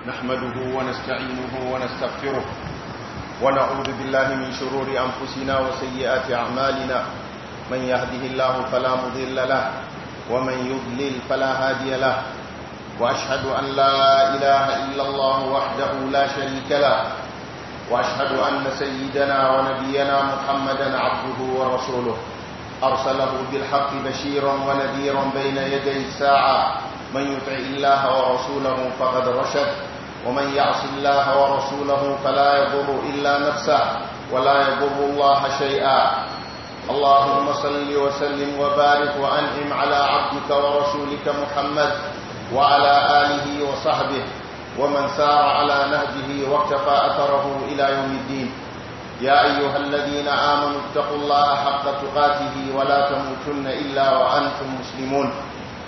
نحمده ونستعينه ونستغفره ونعوذ بالله من شرور أنفسنا وسيئات أعمالنا من يهده الله فلا مضل له ومن يضلل فلا هادي له وأشهد أن لا إله إلا الله وحده لا شريك له وأشهد أن سيدنا ونبينا محمدا عبده ورسوله أرسله بالحق بشيرا ونذيرا بين يدي الساعة من يطع الله ورسوله فقد رشد ومن يعص الله ورسوله فلا يضر إلا نفسه ولا يضر الله شيئا اللهم صل وسلم وبارك وأنعم على عبدك ورسولك محمد وعلى آله وصحبه ومن سار على نهجه واكتفى أثره إلى يوم الدين يا أيها الذين آمنوا اتقوا الله حق تقاته ولا تموتن إلا وأنتم مسلمون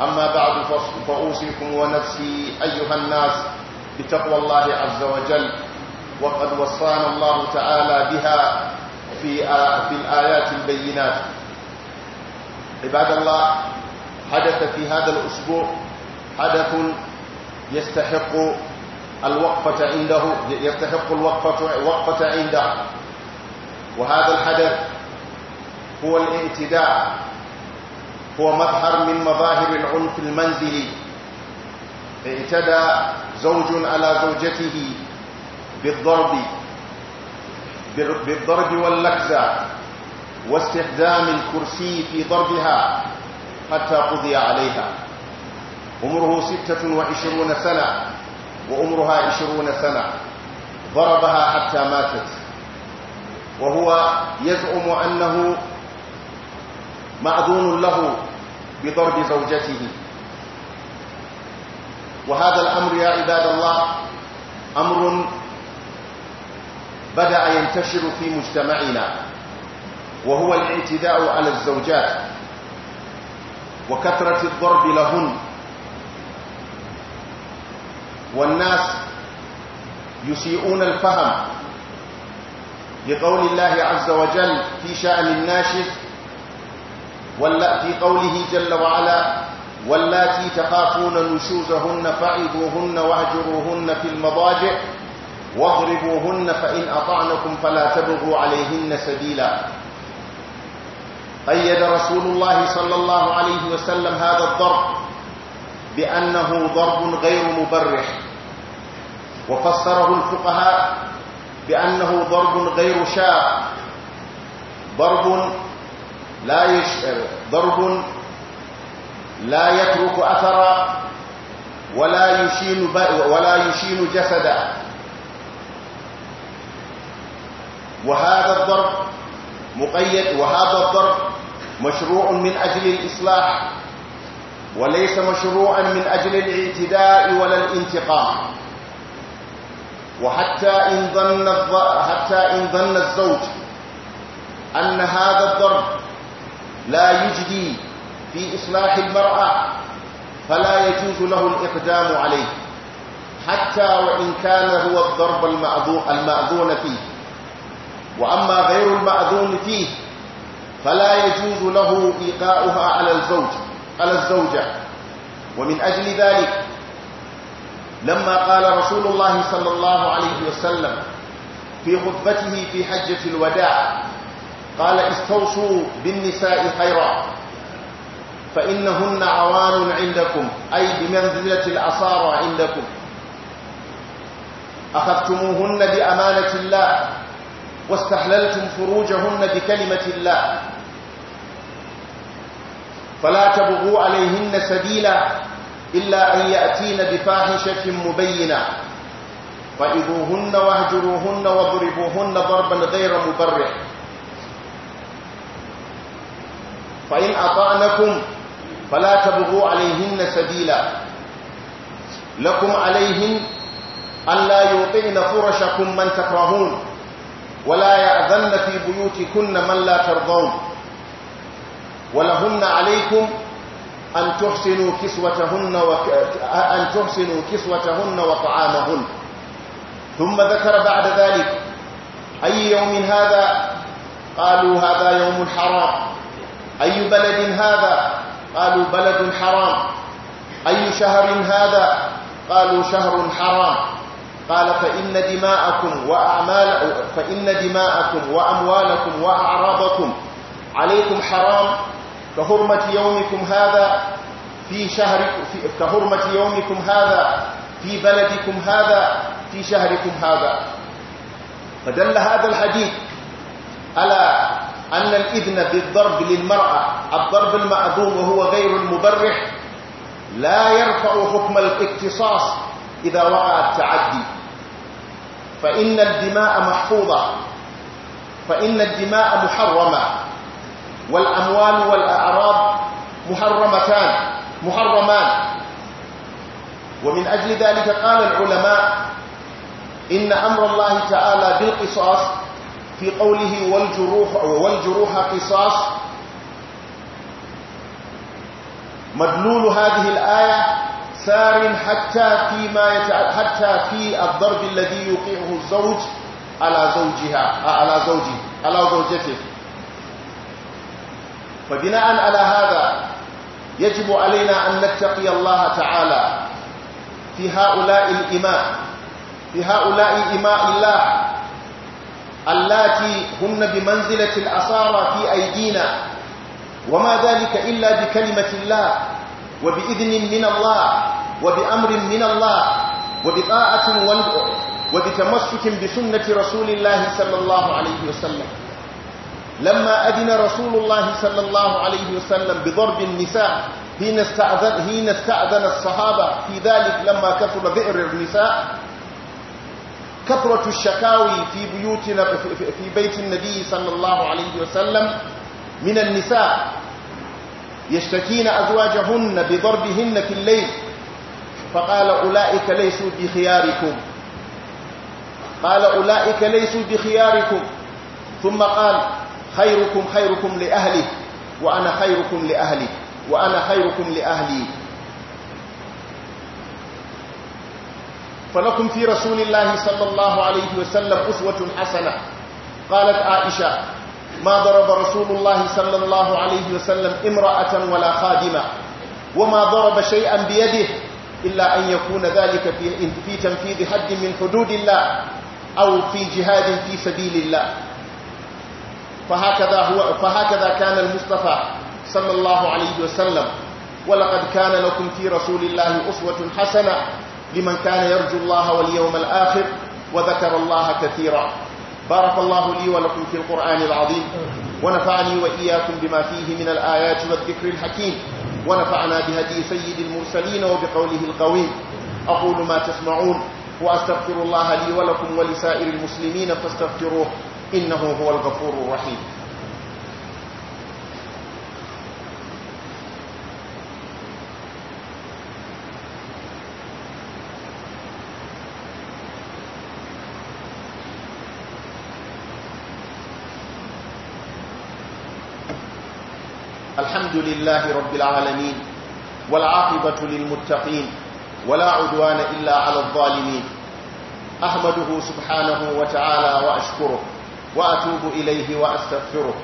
أما بعد فأوصيكم ونفسي أيها الناس بتقوى الله عز وجل وقد وصانا الله تعالى بها في في الآيات البينات عباد الله حدث في هذا الأسبوع حدث يستحق الوقفة عنده يستحق الوقفة وقفة عنده وهذا الحدث هو الانتداء هو مظهر من مظاهر العنف المنزلي اعتدى زوج على زوجته بالضرب بالضرب واللكزة واستخدام الكرسي في ضربها حتى قضي عليها عمره ستة وعشرون سنة وعمرها عشرون سنة ضربها حتى ماتت وهو يزعم أنه مأذون له بضرب زوجته وهذا الأمر يا عباد الله أمر بدأ ينتشر في مجتمعنا وهو الاعتداء على الزوجات وكثرة الضرب لهن والناس يسيئون الفهم لقول الله عز وجل في شأن الناشف ولا في قوله جل وعلا واللاتي تخافون نشوزهن فعظوهن واهجروهن في المضاجع واضربوهن فإن أطعنكم فلا تبغوا عليهن سبيلا أيد رسول الله صلى الله عليه وسلم هذا الضرب بأنه ضرب غير مبرح وفسره الفقهاء بأنه ضرب غير شاق ضرب لا يش... ضرب لا يترك أثرا ولا يشين ب... ولا يشين جسدا وهذا الضرب مقيد وهذا الضرب مشروع من أجل الإصلاح وليس مشروعا من أجل الاعتداء ولا الانتقام وحتى إن ظن, الض... حتى إن ظن الزوج أن هذا الضرب لا يجدي في إصلاح المرأة فلا يجوز له الإقدام عليه حتى وإن كان هو الضرب المأذون فيه وأما غير المأذون فيه فلا يجوز له إيقاؤها على الزوج على الزوجة ومن أجل ذلك لما قال رسول الله صلى الله عليه وسلم في خطبته في حجة الوداع قال استوصوا بالنساء خيرا فإنهن عوان عندكم أي بمنزلة الأصارى عندكم أخذتموهن بأمانة الله واستحللتم فروجهن بكلمة الله فلا تبغوا عليهن سبيلا إلا أن يأتين بفاحشة مبينة فإذوهن واهجروهن واضربوهن ضربا غير مبرح فإن أطعنكم فلا تبغوا عليهن سبيلا لكم عليهن ألا يوطئن فرشكم من تكرهون ولا يأذن في بيوتكن من لا ترضون ولهن عليكم أن تحسنوا كسوتهن وك... أن تحسنوا كسوتهن وطعامهن ثم ذكر بعد ذلك أي يوم هذا قالوا هذا يوم الحرام أي بلد هذا قالوا بلد حرام أي شهر هذا قالوا شهر حرام قال فإن دماءكم وأعمال فإن دماءكم وأموالكم وأعراضكم عليكم حرام كهرمة يومكم هذا في شهر في كهرمة يومكم هذا في بلدكم هذا في شهركم هذا فدل هذا الحديث على أن الإذن بالضرب للمرأة الضرب المأذون وهو غير المبرح لا يرفع حكم الاقتصاص إذا وقع التعدي فإن الدماء محفوظة فإن الدماء محرمة والأموال والأعراض محرمتان محرمان ومن أجل ذلك قال العلماء إن أمر الله تعالى بالقصاص في قوله والجروح والجروح قصاص مدلول هذه الآية سار حتى فيما حتى في الضرب الذي يقيمه الزوج على زوجها على زوجه على زوجته فبناء على هذا يجب علينا أن نتقي الله تعالى في هؤلاء الإماء في هؤلاء إماء الله اللاتي هن بمنزلة الأسارى في أيدينا وما ذلك إلا بكلمة الله وبإذن من الله وبأمر من الله وبطاعة وبتمسك بسنة رسول الله صلى الله عليه وسلم لما أذن رسول الله صلى الله عليه وسلم بضرب النساء حين استأذن, حين استأذن الصحابة في ذلك لما كثر بئر النساء كثرة الشكاوي في بيوتنا في بيت النبي صلى الله عليه وسلم من النساء يشتكين أزواجهن بضربهن في الليل فقال أولئك ليسوا بخياركم قال أولئك ليسوا بخياركم ثم قال خيركم خيركم لأهله وأنا خيركم لأهلي وأنا خيركم لأهلي فلكم في رسول الله صلى الله عليه وسلم أسوة حسنة قالت عائشة ما ضرب رسول الله صلى الله عليه وسلم امرأة ولا خادمة وما ضرب شيئا بيده إلا أن يكون ذلك في, في تنفيذ حد من حدود الله أو في جهاد في سبيل الله فهكذا, هو فهكذا كان المصطفى صلى الله عليه وسلم ولقد كان لكم في رسول الله أسوة حسنة لمن كان يرجو الله واليوم الآخر وذكر الله كثيرا بارك الله لي ولكم في القرآن العظيم ونفعني وإياكم بما فيه من الآيات والذكر الحكيم ونفعنا بهدي سيد المرسلين وبقوله القويم أقول ما تسمعون وأستغفر الله لي ولكم ولسائر المسلمين فاستغفروه إنه هو الغفور الرحيم لله رب العالمين والعاقبة للمتقين ولا عدوان إلا على الظالمين أحمده سبحانه وتعالى وأشكره وأتوب إليه وأستغفره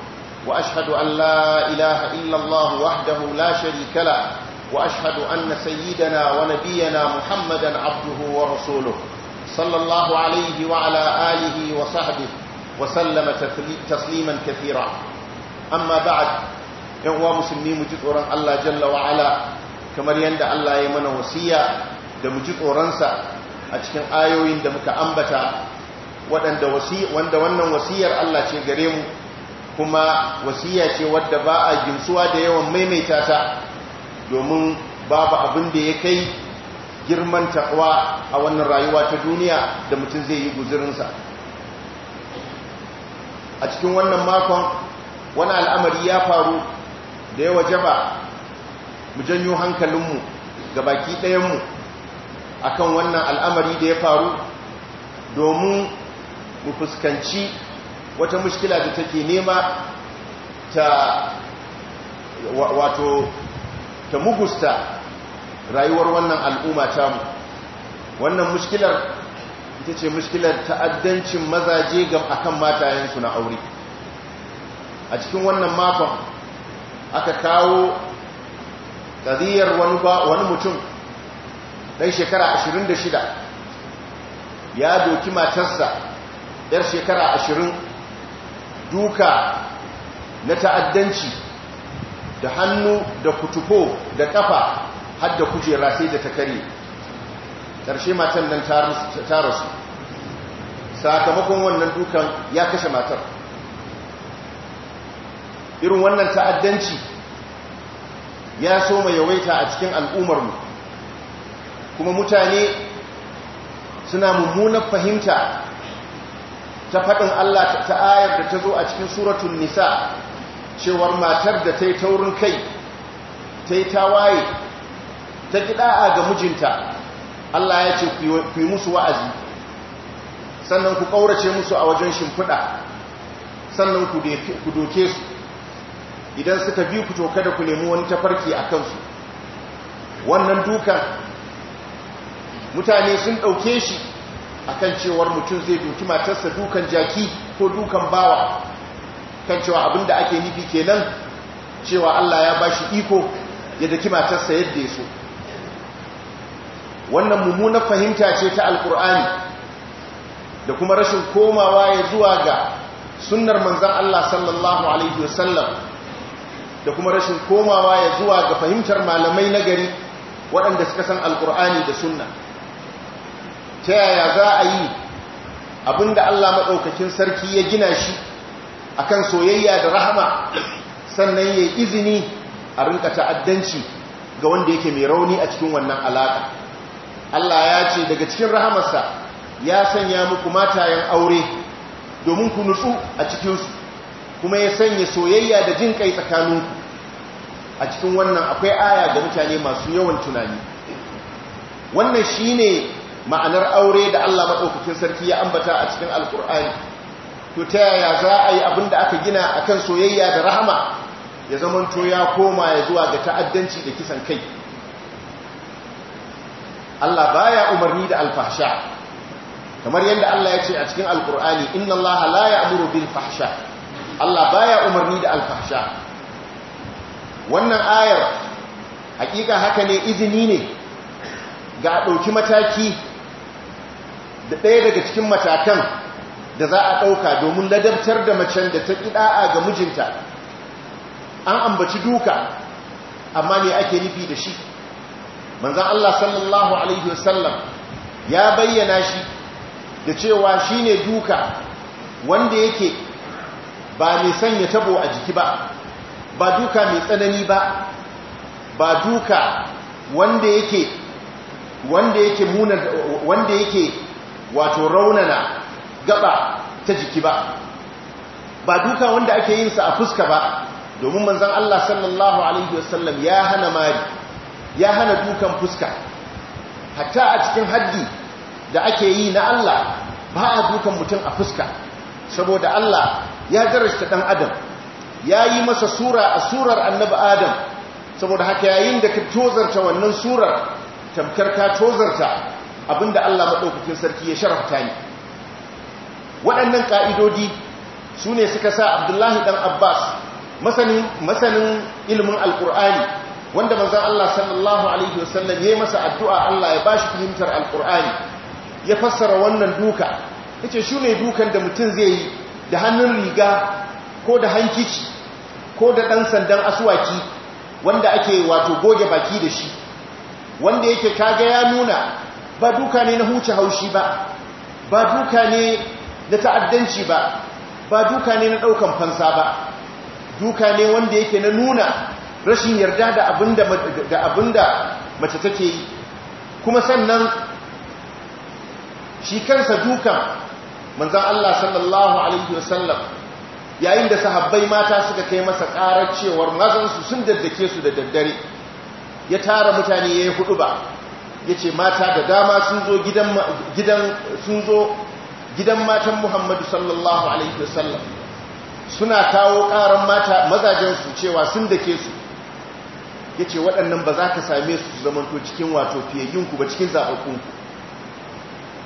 وأشهد أن لا إله إلا الله وحده لا شريك له وأشهد أن سيدنا ونبينا محمدا عبده ورسوله صلى الله عليه وعلى آله وصحبه وسلم تسليما كثيرا أما بعد yan uwa musulmi mu ji tsoron Allah jalla wa ala kamar yadda Allah ya mana wasiya da mu ji tsoronsa a cikin ayoyin da muka ambata waɗanda wanda wannan wasiyar Allah ce gare mu kuma wasiya ce wadda ba a gimsuwa da yawan maimaita ta domin babu abin da ya kai girman takwa a wannan rayuwa ta duniya da mutum zai yi guzurinsa a cikin wannan makon wani al'amari ya faru da ya waje ba mu janyo hankalinmu ga baki ɗayanmu a kan wannan al'amari da ya faru domin mu fuskanci wata mushkila da take nema ta wato ta mugusta rayuwar wannan al'umma mu wannan mushkilar ita ce mushkilar ta'addancin mazaje ga akan matayensu na aure a cikin wannan makon aka kawo ƙadiyar wani mutum ɗan shekara 26 ya doki matarsa ɗar shekara 20 duka na ta'addanci da hannu da kutufo da ƙafa har da kujera sai da ta kare ƙarshe matan nan ta rasu sakamakon wannan dukan ya kashe matar irin wannan ta'addanci ya so mai yawaita a cikin al'ummarmu kuma mutane suna mummunar fahimta ta faɗin Allah ta ayar da ta zo a cikin suratun nisa cewar matar da ta yi taurin kai ta yi tawaye ta ɗa'a ga mijinta Allah ya ce ku musu wa'azi sannan ku ƙaurace musu a wajen shimfiɗa sannan ku doke su idan suka bi ku toka da ku nemi wani tafarki a kansu wannan dukan mutane sun ɗauke shi a kan cewar mutum zai duki matarsa dukan jaki ko dukan bawa kan cewa abinda ake nufi kenan cewa Allah ya ba shi iko ya daki matarsa yadda ya so wannan mummunar fahimta ce ta alkur'ani da kuma rashin komawa ya zuwa ga sunnar manzan Allah sallallahu alaihi wasallam da kuma rashin komawa ya zuwa ga fahimtar malamai na gari waɗanda suka san alkur'ani da sunna ta yaya za a yi abinda Allah maɗaukakin sarki ya gina shi akan soyayya da rahama sannan ya izini a rinka ta'addanci ga wanda yake mai rauni a cikin wannan alaƙa Allah ya ce daga cikin rahamarsa ya sanya muku matayen aure domin ku nutsu a cikinsu kuma ya sanya soyayya da jin kai tsakaninku a cikin wannan akwai aya ga mutane masu yawan tunani wannan shine ma'anar aure da Allah madaukakin sarki ya ambata a cikin alkur'ani to ta yaya za a yi da aka gina a kan soyayya da rahama ya zama to ya koma ya zuwa ga ta'addanci da kisan kai Allah baya umarni da alfahsha kamar yadda Allah ya ce a cikin alkur'ani inna Allah la ya'muru bil fahsha Allah baya umarni da alfahsha wannan ayar hakika haka ne izini ne ga ɗauki mataki da ɗaya daga cikin matakan da za a ɗauka domin ladabtar da macen da ta ƙi ɗa'a ga mijinta an ambaci duka amma ne ake nufi da shi manzan Allah sallallahu Alaihi wasallam ya bayyana shi da cewa shi ne duka wanda yake ba mai sanya tabo a jiki ba ba duka mai tsanani ba ba duka wanda yake wanda yake muna wanda yake wato raunana gaba ta jiki ba ba duka wanda ake yin sa a fuska ba domin manzon Allah sallallahu alaihi wasallam ya hana mari ya hana dukan fuska hatta a cikin haddi da ake yi na Allah ba a dukan mutum a fuska saboda Allah ya darasta dan adam ya yi masa sura a surar annabi adam saboda haka yayin da ka tozarta wannan surar tamkar ka tozarta abinda Allah maɗaukakin sarki ya sharafta ne waɗannan ƙa'idodi su ne suka sa abdullahi ɗan abbas masanin ilimin alƙur'ani wanda manzan Allah sallallahu alaihi wasallam ya yi masa addu'a Allah ya ba shi fahimtar alƙur'ani ya fassara wannan duka ya ce shi ne dukan da mutum zai yi da hannun riga ko da hankici ko da ɗan sandan asuwaki wanda ake wato goge baki da shi wanda yake kaga ya nuna ba duka ne na huce haushi ba ba duka ne na ta'addanci ba ba duka ne na ɗaukan fansa ba duka ne wanda yake na nuna rashin yarda da abinda mace take yi kuma sannan shi kansa dukan manzan Allah sallallahu Alaihi wasallam yayin da sahabbai mata suka kai masa karar cewar mazansu sun daddake su da daddare ya tara mutane ya yi hudu ba ya ce mata da dama sun zo gidan matan muhammadu sallallahu alaihi wasallam suna kawo karar mata mazajensu cewa sun dake su ya ce waɗannan ba za ka same su zamanto cikin wato fiyayyinku ba cikin zaɓaɓɓunku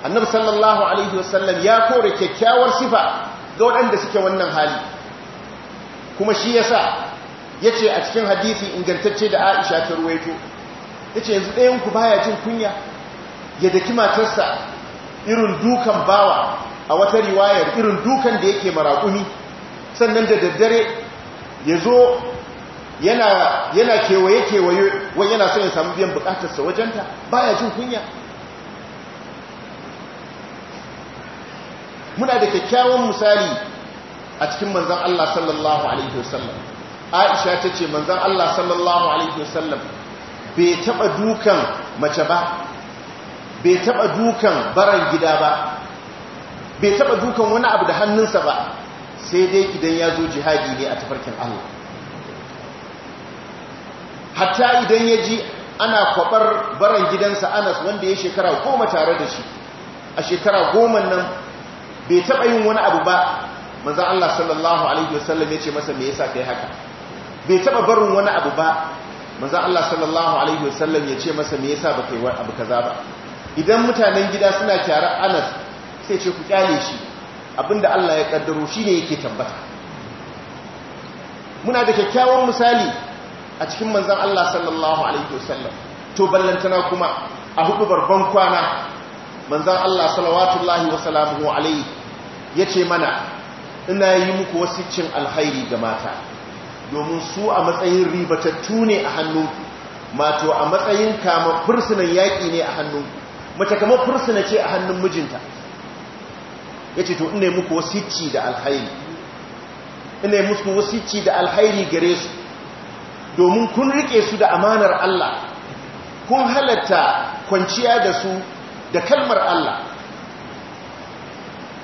annabi sallallahu alaihi wasallam ya kore kyakkyawar sifa ga waɗanda suke wannan hali kuma shi ya sa ya ce a cikin hadisi ingantacce da Aisha ta ruwaito ce yanzu ɗayanku ku baya cin kunya ya daki matarsa irin dukan bawa a wata riwayar irin dukan da yake maraƙuni sannan da daddare ya zo yana kewaye-kewaye wani yana son ya samu biyan bukatarsa wajenta baya cin kunya muna da kyakkyawan misali a cikin manzan Allah sallallahu alaihi wasallam Aisha ta ce manzan Allah sallallahu alaihi wasallam bai taba dukan mace ba bai taba dukan baran gida ba bai taba dukan wani abu da hannunsa ba sai dai idan ya zo jihadi ne a tafarkin Allah hatta idan ya ji ana kwabar baran gidansa Anas wanda ya shekara goma tare da shi a shekara goma nan bai taɓa yin wani abu ba manzan Allah sallallahu alaihi wasallam ya ce masa me yasa kai haka bai taɓa barin wani abu ba manzan Allah sallallahu alaihi wasallam ya ce masa me yasa ba kai wani abu kaza ba idan mutanen gida suna kyara Anas sai ce ku kyale shi abinda Allah ya kaddaro shine yake tabbata muna da kyakkyawan misali a cikin manzan Allah sallallahu alaihi wasallam to ballantana kuma a hudu barban kwana manzan Allah salawatullahi wa salamuhu alaihi ce mana ina yi muku cin alhairi ga mata domin su a matsayin ribatattu ne a hannu, mato a matsayin kama fursunan yaƙi ne a hannunku mace kama fursuna ce a hannun mijinta Ya ce to ina yi muku wasicci da alhairi ina yi muku ci da alhairi gare su domin kun rike su da amanar Allah kun halatta kwanciya da su da kalmar Allah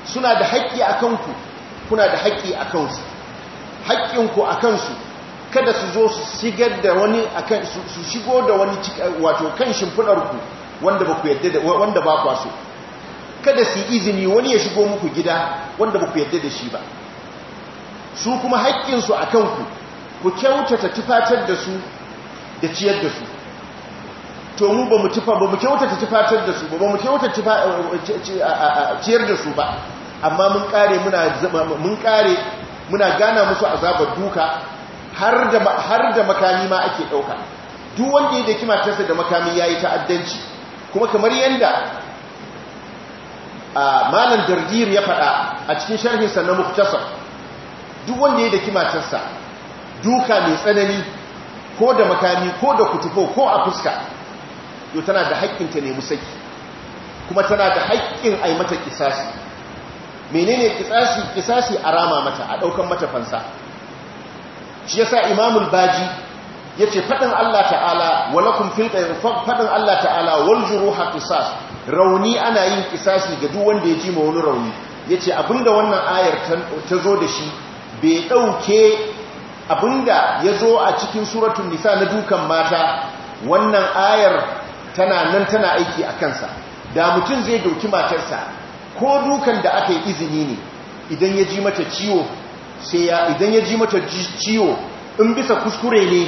suna da haƙƙi a kanku kuna da haƙƙi a kansu haƙƙinku a kansu kada su zo su shigar da wani kansu su shigo da wani wato kan shimfidarku wanda ba ku yadda da wanda ba ku so kada su izini wani ya shigo muku gida wanda ba ku yadda da shi ba su kuma haƙƙinsu a kanku ku kyautata tufatar da su da ciyar da su to mu ba mu tufa ba mu kyautata tufatar da su ba ba mu kyautata eh, eh, ciyar da su ba amma mun kare muna mun kare muna gana musu azabar duka har da har da makami ma ake dauka duk wanda ya daki matarsa da makami yayi ta'addanci kuma kamar yanda malam dardir ya fada a cikin sharhin sa na muktasar duk wanda ya daki matarsa duka mai tsanani ko da makami ko da kutufo ko a fuska yau tana da haƙƙin ta nemi saki kuma tana da haƙƙin a yi mata kisasi menene kisasi kisasi a rama mata a ɗaukan mata fansa shi sa imamul baji ya ce faɗin Allah ta'ala walakun filƙa faɗin Allah ta'ala wal juruha kisas rauni ana yin kisasi ga duk wanda ya ji ma wani rauni ya ce abinda wannan ayar ta zo da shi bai ɗauke abinda ya zo a cikin suratun nisa na dukan mata wannan ayar tana nan tana aiki a kansa da mutum zai doki matarsa ko dukan da aka yi izini ne idan ya ji mata ciwo sai ya idan ya ji mata ciwo in bisa kuskure ne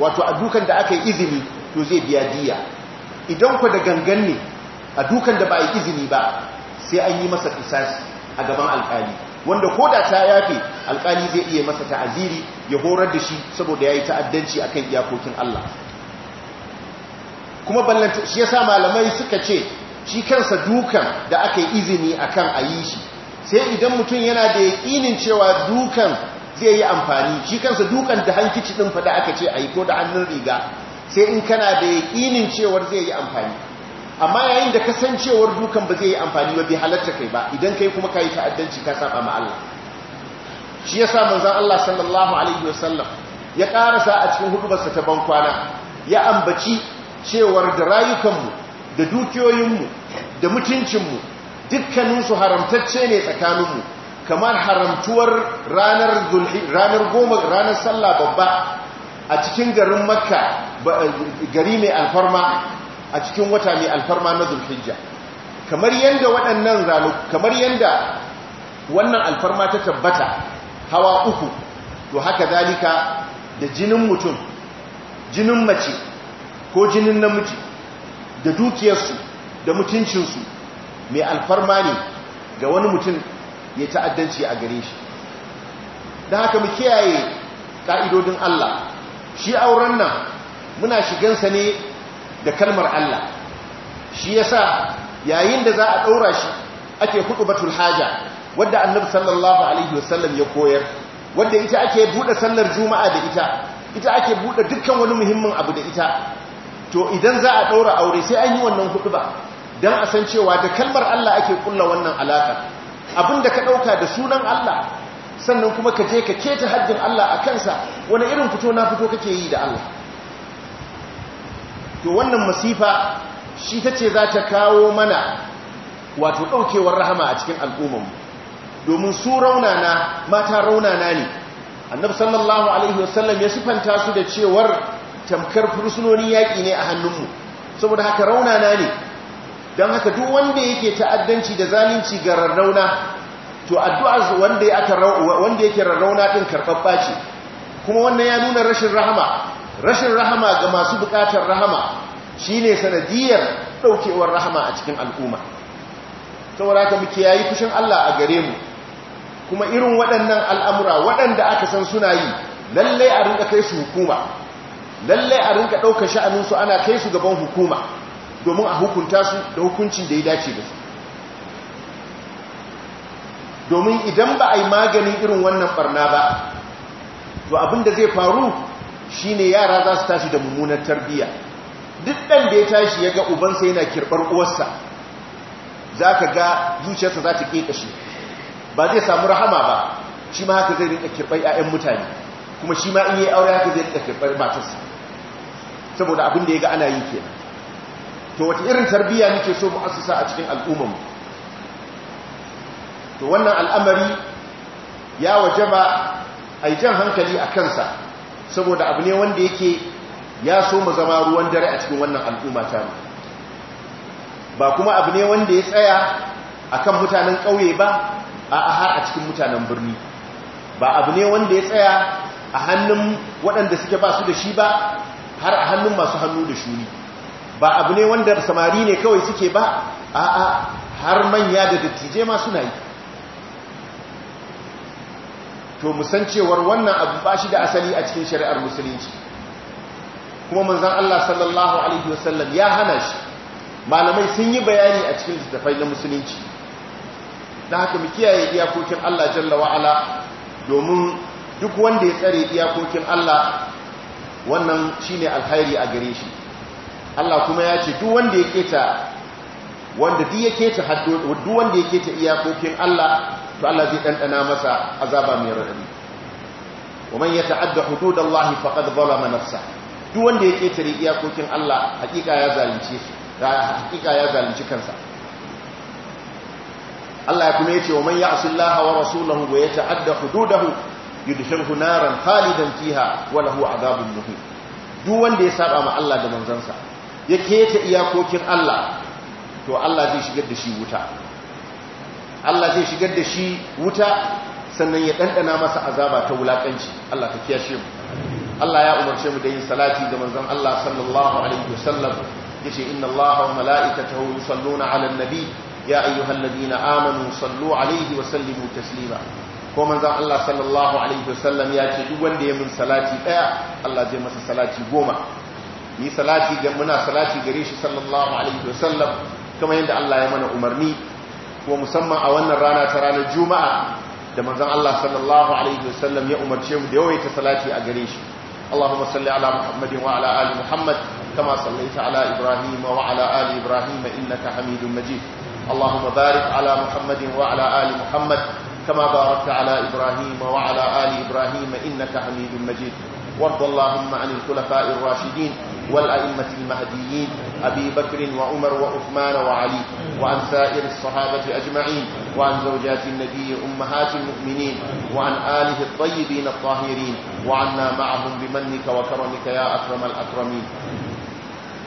wato a dukan da aka yi izini to zai biya diya idan ku da gangan ne a dukan da ba yi izini ba sai an yi masa kisasi a gaban alkali wanda ko da ta yafe alkali zai iya masa ta'aziri ya horar da shi saboda ya yi ta'addanci akan iyakokin Allah kuma ballanta shi yasa malamai suka ce shi kansa dukan da aka yi izini akan a yi shi sai idan mutum yana da yaƙinin cewa dukan zai yi amfani shi kansa dukan da hankici ɗin fada aka ce a yi ko da hannun riga sai in kana da yaƙinin cewar zai yi amfani amma yayin da kasancewar dukan ba zai yi amfani ba bai halatta kai ba idan kai kuma ka yi ta'addanci ka saba ma Allah shi ya sa manzan Allah sallallahu alaihi wasallam ya ƙarasa a cikin hudubarsa ta bankwana ya ambaci cewar da rayukanmu da dukiyoyinmu da mutuncinmu dukkaninsu haramtacce ne tsakaninmu kamar haramtuwar ranar ranar goma ranar sallah babba a cikin garin makka gari mai alfarma a cikin wata mai alfarma na zulhijja kamar yadda waɗannan ranu kamar yadda wannan alfarma ta tabbata hawa uku to haka zalika da jinin mutum jinin mace ko jinin namiji da dukiyarsu da mutuncinsu mai alfarma ne ga wani mutum ya ta'addanci a gare shi don haka mu kiyaye ƙa'idodin Allah shi auren nan muna shigansa ne da kalmar Allah shi ya sa yayin da za a ɗaura shi ake batul haja wadda annabi sallallahu alaihi wasallam ya koyar wadda ita ake buɗe sallar juma'a da ita ita ake buɗe dukkan wani muhimmin abu da ita to idan za a ɗaura aure sai an yi wannan hudu ba don a san cewa da kalmar Allah ake kulla wannan alaƙa da ka ɗauka da sunan Allah sannan kuma ka je ka keta haddin Allah a kansa wani irin fito na fito kake yi da Allah to wannan masifa shi ta ce za ta kawo mana wato ɗaukewar rahama a cikin al'ummanmu domin su raunana mata raunana ne annabi sallallahu alaihi wasallam ya sifanta su da cewar tamkar fursunoni yaƙi ne a hannunmu saboda haka rauna na ne don haka duk wanda yake ta'addanci da zalunci ga rarrauna to addu'ar wanda yake rarrauna ɗin karɓaɓɓa ce kuma wannan ya nuna rashin rahama rashin rahama ga masu buƙatar rahama shi ne sanadiyar ɗaukewar rahama a cikin al'umma saboda haka muke yayi fushin Allah a gare mu kuma irin waɗannan al'amura waɗanda aka san suna yi lallai a rinka kai su hukuma lallai a rinka ɗaukar sha'aninsu ana kai su gaban hukuma domin a hukunta su da hukuncin da ya dace da su domin idan ba a yi maganin irin wannan barna ba to abin da zai faru shi ne yara za su tashi da mummunar tarbiyya duk ɗan da ya tashi ya ga ubansa yana kirɓar uwarsa za ka ga zuciyarsa za ta ƙeƙashe ba zai samu rahama ba shi ma haka zai rinka kirɓar 'ya'yan mutane kuma shi ma in yi aure haka zai tafi saboda abin da ya ga ana yi kenan to wata irin tarbiyya nake so mu asusa a cikin al'ummar to wannan al'amari ya waje ba a yi jan hankali a kansa saboda abu ne wanda yake ya so mu zama ruwan dare a cikin wannan al'umma ta ba kuma abu ne wanda ya tsaya a kan mutanen ƙauye ba a har a cikin mutanen birni ba abu ne wanda ya tsaya a hannun waɗanda suke ba su da shi ba har a hannun masu hannu da shuni ba abu ne wanda samari ne kawai suke ba a har manya da dattijai ma suna yi to musancewar wannan abu ba shi da asali a cikin shari'ar musulunci kuma manzan Allah sallallahu alaihi wasallam ya hana shi malamai sun yi bayani a cikin littattafai na musulunci da haka mu kiyaye iyakokin Allah jalla wa'ala domin duk wanda ya tsare iyakokin Allah wannan shine alkhairi a gare shi Allah kuma ya ce duk wanda ya keta wanda duk ya ta haddo duk wanda ya ta iyakokin Allah to Allah zai dandana masa azaba mai radadi ومن يتعدى حدود الله فقد ظلم نفسه duk wanda ya ta iyakokin Allah hakika ya zalunce hakika ya zalunci kansa Allah ya kuma yace wa man ya Allah wa rasulahu wa yata'adda hududahu yudkhilhu naran khalidan fiha wa lahu adhabun muhin duk wanda ya saba ma Allah da manzansa ya keta iyakokin Allah to Allah zai shigar da shi wuta Allah zai shigar da shi wuta sannan ya dandana masa azaba ta wulakanci Allah ta kiyashe mu Allah ya umarce mu da yin salati ga manzon Allah sallallahu alaihi wasallam yace inna Allaha wa mala'ikatahu yusalluna 'alan nabi ya ayyuhalladhina amanu sallu 'alaihi wa sallimu taslima ko manzon Allah sallallahu alaihi wasallam ya ce duk wanda ya min salati ɗaya Allah zai masa salati goma ni salati ga muna salati gare shi sallallahu alaihi wasallam kama yadda Allah ya mana umarni ko musamman a wannan rana ta ranar juma'a da manzon Allah sallallahu alaihi wasallam ya umarce mu da yawaita salati a gare shi Allahumma salli ala Muhammadin wa ala ali Muhammad kama sallaita ala Ibrahim wa ala ali Ibrahim innaka Hamidum Majid Allahumma barik ala Muhammadin wa ali Muhammad كما باركت على إبراهيم وعلى آل إبراهيم إنك حميد مجيد وارض اللهم عن الخلفاء الراشدين والأئمة المهديين أبي بكر وعمر وعثمان وعلي وعن سائر الصحابة أجمعين وعن زوجات النبي أمهات المؤمنين وعن آله الطيبين الطاهرين وعنا معهم بمنك وكرمك يا أكرم الأكرمين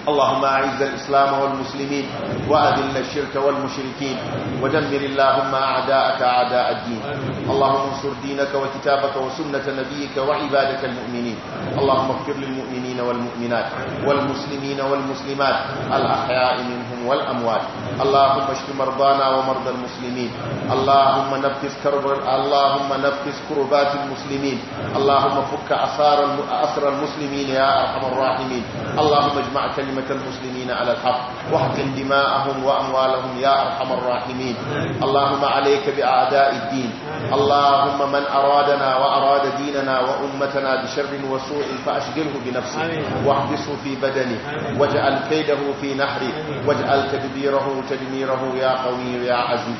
اللهم أعز الإسلام والمسلمين وأذل الشرك والمشركين ودمر اللهم أعداءك أعداء الدين اللهم انصر دينك وكتابك وسنة نبيك وعبادك المؤمنين اللهم اغفر للمؤمنين والمؤمنات والمسلمين والمسلمات الأحياء منهم والأموال اللهم اشف مرضانا ومرضى المسلمين اللهم نفس كرب اللهم نفس كربات المسلمين اللهم فك أسار أسر المسلمين يا أرحم الراحمين اللهم اجمع كلمة المسلمين على الحق واحقن دماءهم وأموالهم يا أرحم الراحمين اللهم عليك بأعداء الدين اللهم من أرادنا وأراد ديننا وأمتنا بشر وسوء فأشغله بنفسه واحبسه في بدنه واجعل كيده في نحره واجعل واجعل تدبيره تدميره يا قوي يا عزيز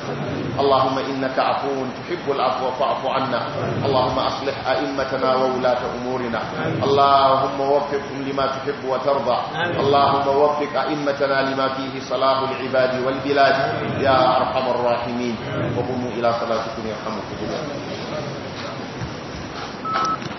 اللهم إنك عفو تحب العفو فاعف عنا اللهم أصلح أئمتنا وولاة أمورنا اللهم وفقهم لما تحب وترضى اللهم وفق أئمتنا لما فيه صلاح العباد والبلاد يا أرحم الراحمين وقوموا إلى صلاتكم يرحمكم الله